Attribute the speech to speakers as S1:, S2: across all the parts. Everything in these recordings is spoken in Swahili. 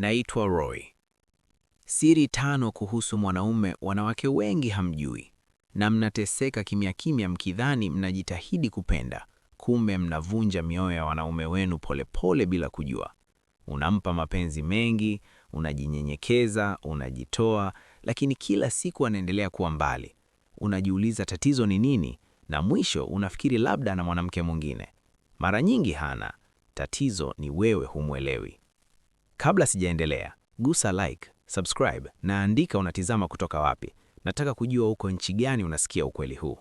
S1: naitwa Roy. Siri tano kuhusu mwanaume wanawake wengi hamjui, na mnateseka kimya kimya mkidhani mnajitahidi kupenda, kumbe mnavunja mioyo ya wanaume wenu polepole bila kujua. Unampa mapenzi mengi, unajinyenyekeza, unajitoa, lakini kila siku anaendelea kuwa mbali. Unajiuliza tatizo ni nini, na mwisho unafikiri labda na mwanamke mwingine. Mara nyingi hana tatizo, ni wewe humwelewi. Kabla sijaendelea, gusa like, subscribe na andika unatizama kutoka wapi. Nataka kujua uko nchi gani unasikia ukweli huu.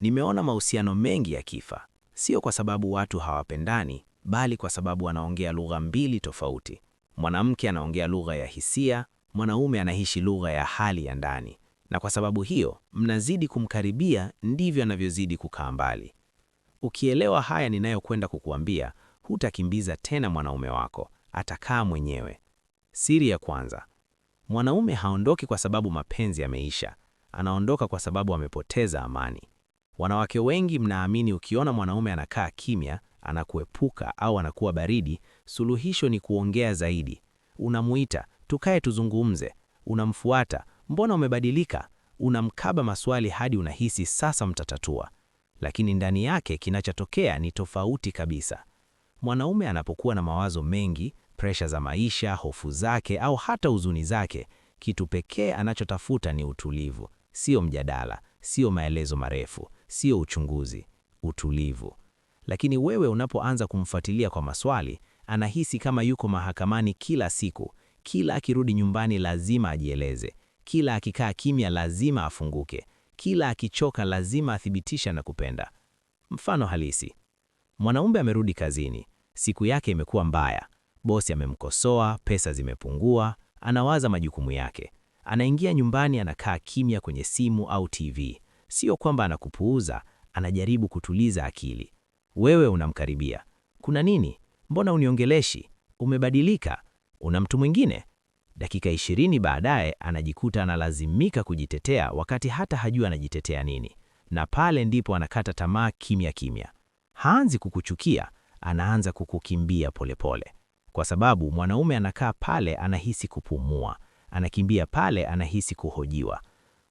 S1: Nimeona mahusiano mengi ya kifa, sio kwa sababu watu hawapendani, bali kwa sababu wanaongea lugha mbili tofauti. Mwanamke anaongea lugha ya hisia, mwanaume anaishi lugha ya hali ya ndani, na kwa sababu hiyo mnazidi kumkaribia ndivyo anavyozidi kukaa mbali. Ukielewa haya ninayokwenda kukuambia, hutakimbiza tena mwanaume wako atakaa mwenyewe. Siri ya kwanza: mwanaume haondoki kwa sababu mapenzi yameisha, anaondoka kwa sababu amepoteza amani. Wanawake wengi mnaamini ukiona mwanaume anakaa kimya, anakuepuka au anakuwa baridi, suluhisho ni kuongea zaidi. Unamuita, tukae tuzungumze. Unamfuata, mbona umebadilika? Unamkaba maswali hadi unahisi sasa mtatatua, lakini ndani yake kinachotokea ni tofauti kabisa. Mwanaume anapokuwa na mawazo mengi, presha za maisha, hofu zake au hata huzuni zake, kitu pekee anachotafuta ni utulivu, sio mjadala, sio maelezo marefu, sio uchunguzi, utulivu. Lakini wewe unapoanza kumfuatilia kwa maswali, anahisi kama yuko mahakamani kila siku. Kila akirudi nyumbani lazima ajieleze, kila akikaa kimya lazima afunguke, kila akichoka lazima athibitisha na kupenda. Mfano halisi: mwanaume amerudi kazini, Siku yake imekuwa mbaya, bosi amemkosoa, pesa zimepungua, anawaza majukumu yake. Anaingia nyumbani, anakaa kimya kwenye simu au TV. Sio kwamba anakupuuza, anajaribu kutuliza akili. Wewe unamkaribia, kuna nini? Mbona uniongeleshi? Umebadilika? Una mtu mwingine? Dakika ishirini baadaye anajikuta analazimika kujitetea wakati hata hajui anajitetea nini, na pale ndipo anakata tamaa kimya kimya. Haanzi kukuchukia, anaanza kukukimbia polepole pole. Kwa sababu mwanaume anakaa pale anahisi kupumua, anakimbia pale anahisi kuhojiwa.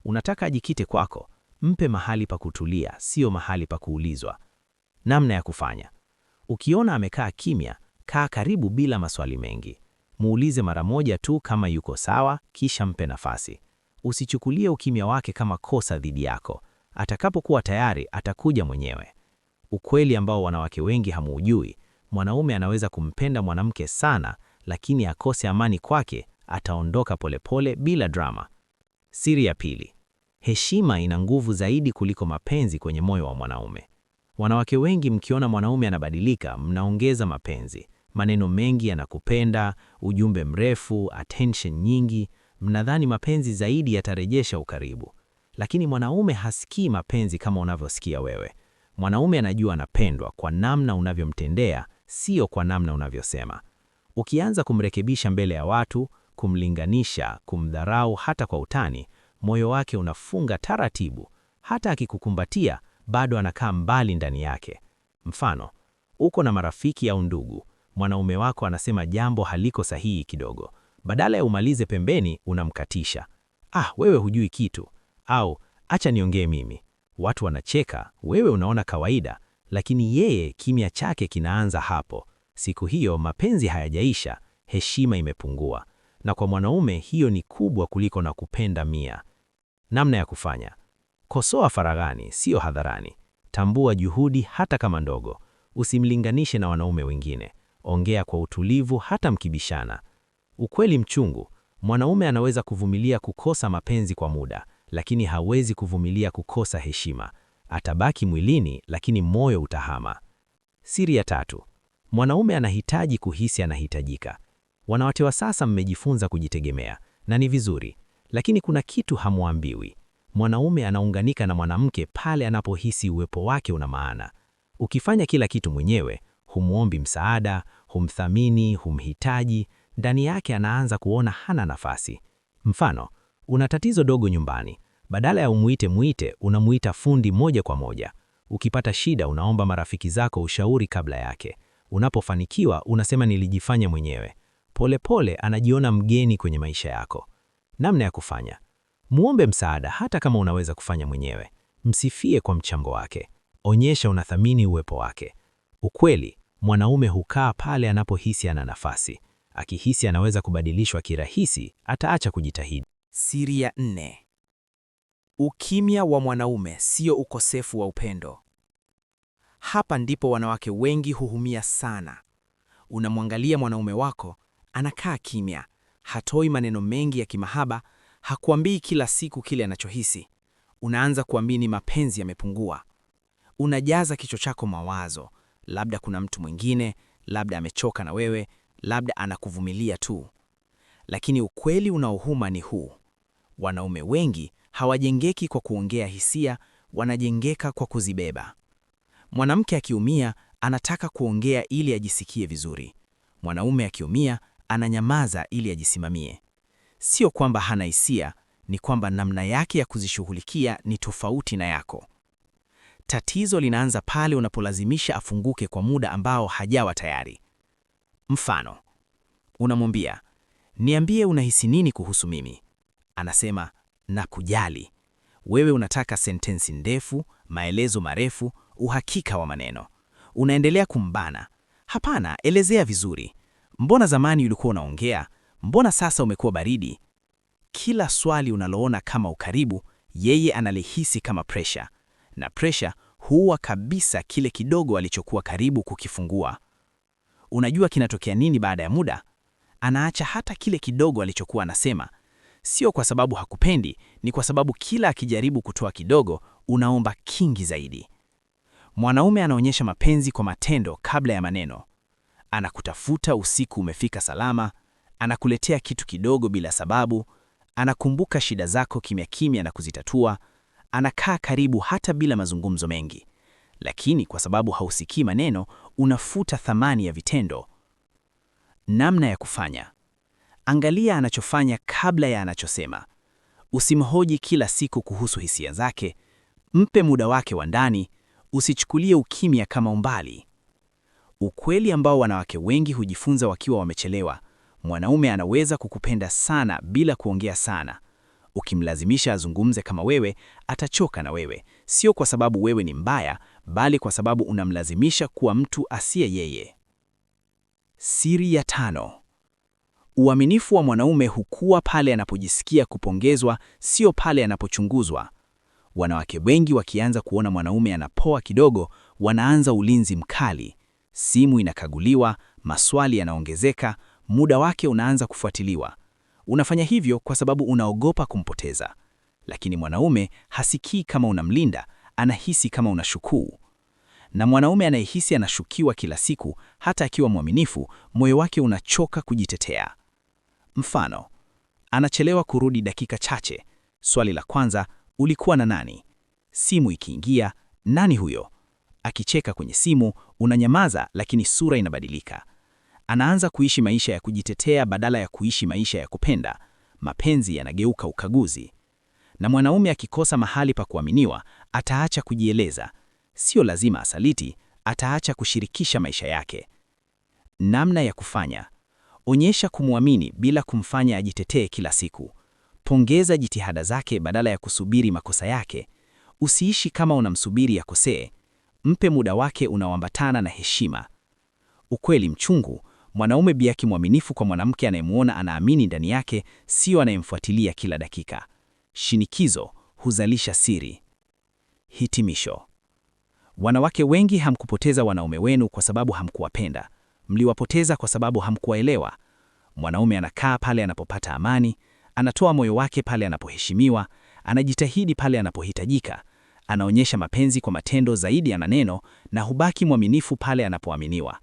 S1: Unataka ajikite kwako, mpe mahali pa kutulia, sio mahali pa kuulizwa. Namna ya kufanya: ukiona amekaa kimya, kaa karibu bila maswali mengi. Muulize mara moja tu kama yuko sawa, kisha mpe nafasi. Usichukulie ukimya wake kama kosa dhidi yako. Atakapokuwa tayari, atakuja mwenyewe ukweli ambao wanawake wengi hamuujui. Mwanaume anaweza kumpenda mwanamke sana, lakini akose amani kwake, ataondoka polepole bila drama. Siri ya pili: heshima ina nguvu zaidi kuliko mapenzi kwenye moyo wa mwanaume. Wanawake wengi mkiona mwanaume anabadilika, mnaongeza mapenzi, maneno mengi yanakupenda, ujumbe mrefu, attention nyingi, mnadhani mapenzi zaidi yatarejesha ukaribu. Lakini mwanaume hasikii mapenzi kama unavyosikia wewe. Mwanaume anajua anapendwa kwa namna unavyomtendea, sio kwa namna unavyosema. Ukianza kumrekebisha mbele ya watu, kumlinganisha, kumdharau hata kwa utani, moyo wake unafunga taratibu. Hata akikukumbatia bado anakaa mbali ndani yake. Mfano, uko na marafiki au ndugu, mwanaume wako anasema jambo haliko sahihi kidogo, badala ya umalize pembeni, unamkatisha. Ah, wewe hujui kitu, au acha niongee mimi watu wanacheka, wewe unaona kawaida, lakini yeye kimya chake kinaanza hapo. Siku hiyo mapenzi hayajaisha, heshima imepungua, na kwa mwanaume hiyo ni kubwa kuliko na kupenda mia. Namna ya kufanya: kosoa faraghani, siyo hadharani. Tambua juhudi, hata kama ndogo. Usimlinganishe na wanaume wengine. Ongea kwa utulivu, hata mkibishana. Ukweli mchungu: mwanaume anaweza kuvumilia kukosa mapenzi kwa muda, lakini hawezi kuvumilia kukosa heshima. Atabaki mwilini, lakini moyo utahama. Siri ya tatu: mwanaume anahitaji kuhisi anahitajika. Wanawake wa sasa mmejifunza kujitegemea na ni vizuri, lakini kuna kitu hamwambiwi. Mwanaume anaunganika na mwanamke pale anapohisi uwepo wake una maana. Ukifanya kila kitu mwenyewe, humwombi msaada, humthamini, humhitaji, ndani yake anaanza kuona hana nafasi. Mfano, Una tatizo dogo nyumbani, badala ya umuite muite, unamuita fundi moja kwa moja. Ukipata shida, unaomba marafiki zako ushauri kabla yake. Unapofanikiwa, unasema nilijifanya mwenyewe. Polepole pole, anajiona mgeni kwenye maisha yako. Namna ya kufanya: muombe msaada, hata kama unaweza kufanya mwenyewe. Msifie kwa mchango wake, onyesha unathamini uwepo wake. Ukweli, mwanaume hukaa pale anapohisi ana nafasi. Akihisi anaweza kubadilishwa kirahisi, ataacha kujitahidi.
S2: Siri ya nne: ukimya wa mwanaume sio ukosefu wa upendo. Hapa ndipo wanawake wengi huhumia sana. Unamwangalia mwanaume wako, anakaa kimya, hatoi maneno mengi ya kimahaba, hakuambii kila siku kile anachohisi. Unaanza kuamini mapenzi yamepungua. Unajaza kichwa chako mawazo, labda kuna mtu mwingine, labda amechoka na wewe, labda anakuvumilia tu. Lakini ukweli unaohuma ni huu: Wanaume wengi hawajengeki kwa kuongea hisia, wanajengeka kwa kuzibeba. Mwanamke akiumia anataka kuongea ili ajisikie vizuri. Mwanaume akiumia ananyamaza ili ajisimamie. Sio kwamba hana hisia, ni kwamba namna yake ya kuzishughulikia ni tofauti na yako. Tatizo linaanza pale unapolazimisha afunguke kwa muda ambao hajawa tayari. Mfano, unamwambia niambie unahisi nini kuhusu mimi, anasema na kujali. Wewe unataka sentensi ndefu, maelezo marefu, uhakika wa maneno. Unaendelea kumbana. Hapana, elezea vizuri. Mbona zamani ulikuwa unaongea? Mbona sasa umekuwa baridi? Kila swali unaloona kama ukaribu, yeye analihisi kama presha, na presha huua kabisa kile kidogo alichokuwa karibu kukifungua. Unajua kinatokea nini baada ya muda? Anaacha hata kile kidogo alichokuwa anasema sio kwa sababu hakupendi, ni kwa sababu kila akijaribu kutoa kidogo, unaomba kingi zaidi. Mwanaume anaonyesha mapenzi kwa matendo kabla ya maneno. Anakutafuta usiku umefika salama, anakuletea kitu kidogo bila sababu, anakumbuka shida zako kimya kimya na kuzitatua, anakaa karibu hata bila mazungumzo mengi. Lakini kwa sababu hausikii maneno, unafuta thamani ya vitendo. Namna ya kufanya: Angalia anachofanya kabla ya anachosema. Usimhoji kila siku kuhusu hisia zake, mpe muda wake wa ndani, usichukulie ukimya kama umbali. Ukweli ambao wanawake wengi hujifunza wakiwa wamechelewa: mwanaume anaweza kukupenda sana bila kuongea sana. Ukimlazimisha azungumze kama wewe, atachoka na wewe, sio kwa sababu wewe ni mbaya, bali kwa sababu unamlazimisha kuwa mtu asiye yeye. Siri ya tano. Uaminifu wa mwanaume hukua pale anapojisikia kupongezwa, sio pale anapochunguzwa. Wanawake wengi wakianza kuona mwanaume anapoa kidogo, wanaanza ulinzi mkali. Simu inakaguliwa, maswali yanaongezeka, muda wake unaanza kufuatiliwa. Unafanya hivyo kwa sababu unaogopa kumpoteza. Lakini mwanaume hasikii kama unamlinda, anahisi kama unashukuu. Na mwanaume anayehisi anashukiwa kila siku, hata akiwa mwaminifu, moyo wake unachoka kujitetea. Mfano, anachelewa kurudi dakika chache. Swali la kwanza, ulikuwa na nani? Simu ikiingia, nani huyo? Akicheka kwenye simu, unanyamaza lakini sura inabadilika. Anaanza kuishi maisha ya kujitetea badala ya kuishi maisha ya kupenda. Mapenzi yanageuka ukaguzi. Na mwanaume akikosa mahali pa kuaminiwa, ataacha kujieleza. Sio lazima asaliti, ataacha kushirikisha maisha yake. Namna ya kufanya Onyesha kumwamini bila kumfanya ajitetee kila siku. Pongeza jitihada zake badala ya kusubiri makosa yake. Usiishi kama unamsubiri akosee. Mpe muda wake unaoambatana na heshima. Ukweli mchungu, mwanaume biaki mwaminifu kwa mwanamke anayemuona anaamini ndani yake, sio anayemfuatilia kila dakika. Shinikizo huzalisha siri. Hitimisho: wanawake wengi hamkupoteza wanaume wenu kwa sababu hamkuwapenda. Mliwapoteza kwa sababu hamkuwaelewa. Mwanaume anakaa pale anapopata amani, anatoa moyo wake pale anapoheshimiwa, anajitahidi pale anapohitajika, anaonyesha mapenzi kwa matendo zaidi ya maneno, na hubaki mwaminifu pale anapoaminiwa.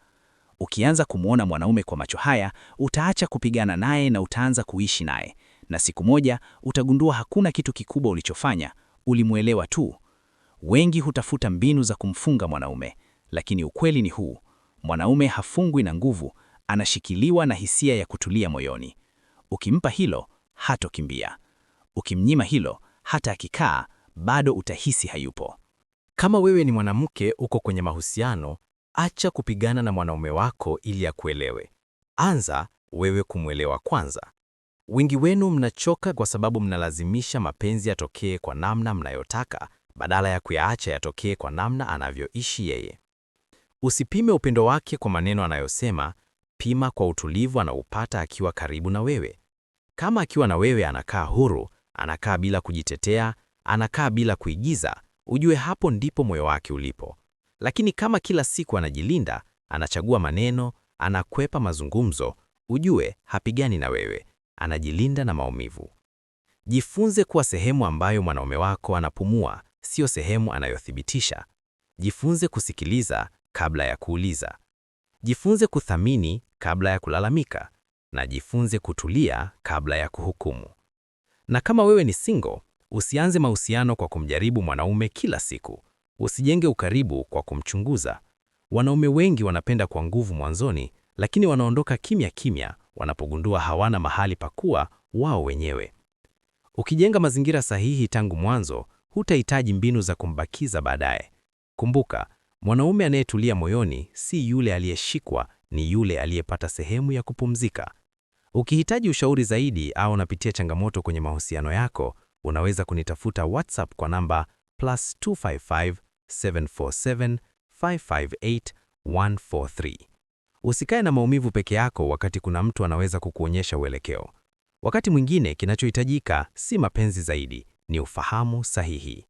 S2: Ukianza kumwona mwanaume kwa macho haya, utaacha kupigana naye na utaanza kuishi naye, na siku moja utagundua hakuna kitu kikubwa ulichofanya, ulimwelewa tu. Wengi hutafuta mbinu za kumfunga mwanaume, lakini ukweli ni huu: Mwanaume hafungwi na nguvu, anashikiliwa na hisia ya kutulia moyoni. Ukimpa hilo, hatokimbia. Ukimnyima hilo, hata akikaa bado utahisi hayupo.
S3: Kama wewe ni mwanamke uko kwenye mahusiano, acha kupigana na mwanaume wako ili akuelewe. Anza wewe kumwelewa kwanza. Wengi wenu mnachoka kwa sababu mnalazimisha mapenzi yatokee kwa namna mnayotaka badala ya kuyaacha yatokee kwa namna anavyoishi yeye. Usipime upendo wake kwa maneno anayosema, pima kwa utulivu anaupata akiwa karibu na wewe. Kama akiwa na wewe anakaa huru, anakaa bila kujitetea, anakaa bila kuigiza, ujue hapo ndipo moyo wake ulipo. Lakini kama kila siku anajilinda, anachagua maneno, anakwepa mazungumzo, ujue hapigani na wewe, anajilinda na maumivu. Jifunze kuwa sehemu ambayo mwanaume wako anapumua, sio sehemu anayothibitisha. Jifunze kusikiliza kabla ya kuuliza. Jifunze kuthamini kabla ya kulalamika na jifunze kutulia kabla ya kuhukumu. Na kama wewe ni single, usianze mahusiano kwa kumjaribu mwanaume kila siku. Usijenge ukaribu kwa kumchunguza. Wanaume wengi wanapenda kwa nguvu mwanzoni, lakini wanaondoka kimya kimya wanapogundua hawana mahali pa kuwa wao wenyewe. Ukijenga mazingira sahihi tangu mwanzo, hutahitaji mbinu za kumbakiza baadaye. Kumbuka, Mwanaume anayetulia moyoni si yule aliyeshikwa, ni yule aliyepata sehemu ya kupumzika. Ukihitaji ushauri zaidi au unapitia changamoto kwenye mahusiano yako, unaweza kunitafuta WhatsApp kwa namba +255 747 Usikae na maumivu peke yako wakati kuna mtu anaweza kukuonyesha uelekeo. Wakati mwingine kinachohitajika si mapenzi zaidi, ni ufahamu sahihi.